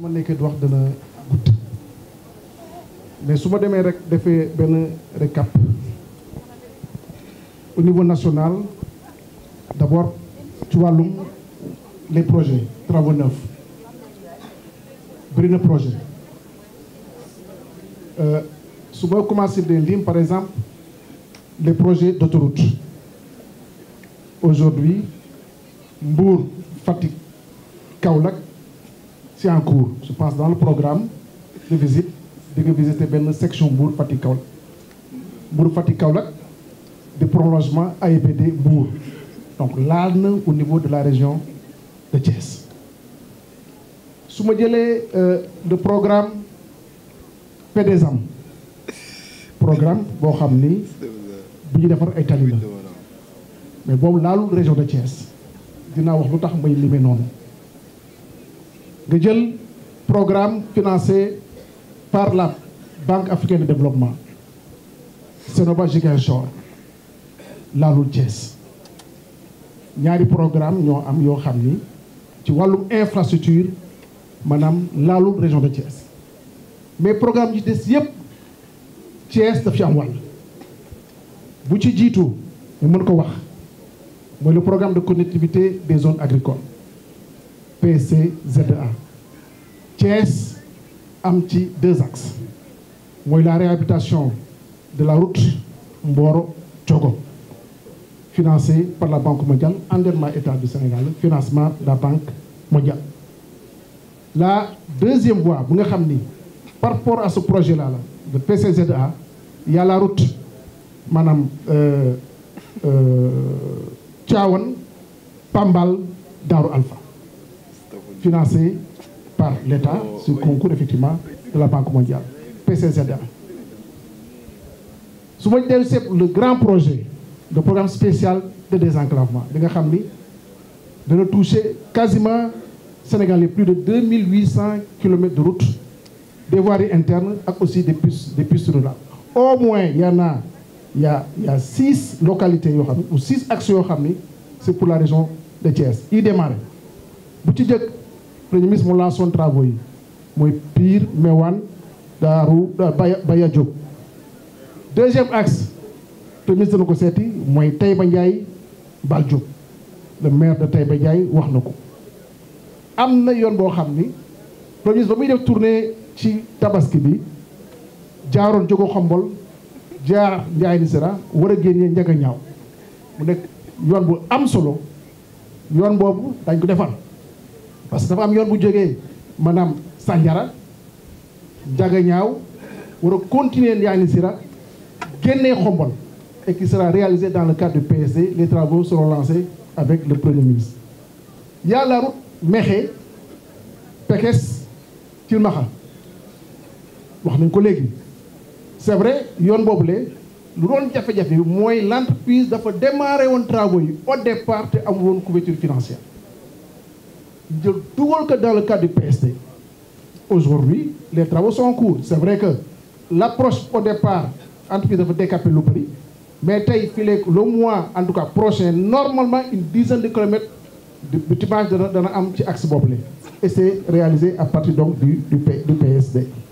ma nekkee di wax dana gudd mais su ma demee rek defee benn récap au niveau national d'abord ci wàllum les projets travaux neufs bëri na projet euh, su ma commencé des lignes par exemple les projets d'autoroute aujourd'hui Mbour kaw nag c'est en cours je pense dans le programme de visite di nga visiter benn section Mbour Fatick Kaolack Mbour Fatick Kaolack de prolongement AIBD Mbour donc laal na au niveau de la région de Thiès su ma jëlee de euh, programme PDSAM programme boo xam ni bu ñu defar ay tali la mais boobu laalul région de Thiès dinaa wax lu tax may limee noonu nga jël programme financé par la Banque africaine de développement Sénoba Ziguinchor laalul ñaari programme ñoo am yoo xam ni ci wàllum infrastructure maanaam laalul région de Thiès mais programme yi des yëpp Thiès daf ci am wàll bu ci jiitu mu mën ko wax mooy le programme de connectivité des zones agricoles PCZA Thiès am ci deux axes mooy la réhabilitation de la route Mboro Diogo financée par la Banque mondiale endettement État du Sénégal financement de la Banque mondiale la deuxième voie bu nga xam ni par rapport à ce projet là la de PCZA y a la route maanaam euh, euh, Thiawane Pambal Daaru Alpha financé par l'État sur concours effectivement de la Banque mondiale PCCDA su ma dellu seet le grand projet de programme spécial de désenclavement bi nga xam ni dana toucher quasiment Sénégal yi plus de 2800 kilomètres de route des voiries internes ak aussi des pistes des pistes rurales au moins y en a y a y a six localités yoo xam ne ou six actions yoo xam ni c'est pour la région de Thiès yi démarré bu ci jëkk premier ministre mu lançoon travaux yi mooy Pire Mewane Daaru euh, Baya Baya Diop deuxième axe premier ministre na ko seeti mooy Taïba Ndiaye Mbal Diop le maire de ba Ndiaye wax na ko am na yoon boo xam ni premier ministre ba muy def tournée ci tabaski bi jaaroon jógo xombol jaar Ndiaye ni sera war a génnee njaga ñaaw mu nekk yoon bu am solo yoon boobu dañ ko defar parce que dafa am yoon bu jógee maanaam Sandiara Diaganiao war a continuer Ndiayène Sirakh génnee Khombole et qui sera réalisé dans le cadre de PSD les travaux seront lancés avec le premier ministre y a la route Mékhé Pekes Thilmakha wax nañ ko léegi c'est vrai yoon boobule lu doon jafe-jafe bi mooy l'entreprise dafa démarré woon travaux yi au départ te am woon couverture financière jël dugal ko dans le cadre du PSD aujourd'hui les travaux sont en cours c'est vrai que l'approche au départ entreprise dafa décaper lu bëri mais tey fii léegi mois en tout cas prochain normalement une dizaine de kilomètres du bâtiment dana dana am ci axe boobu la réalisé à partir donc du du, du PSD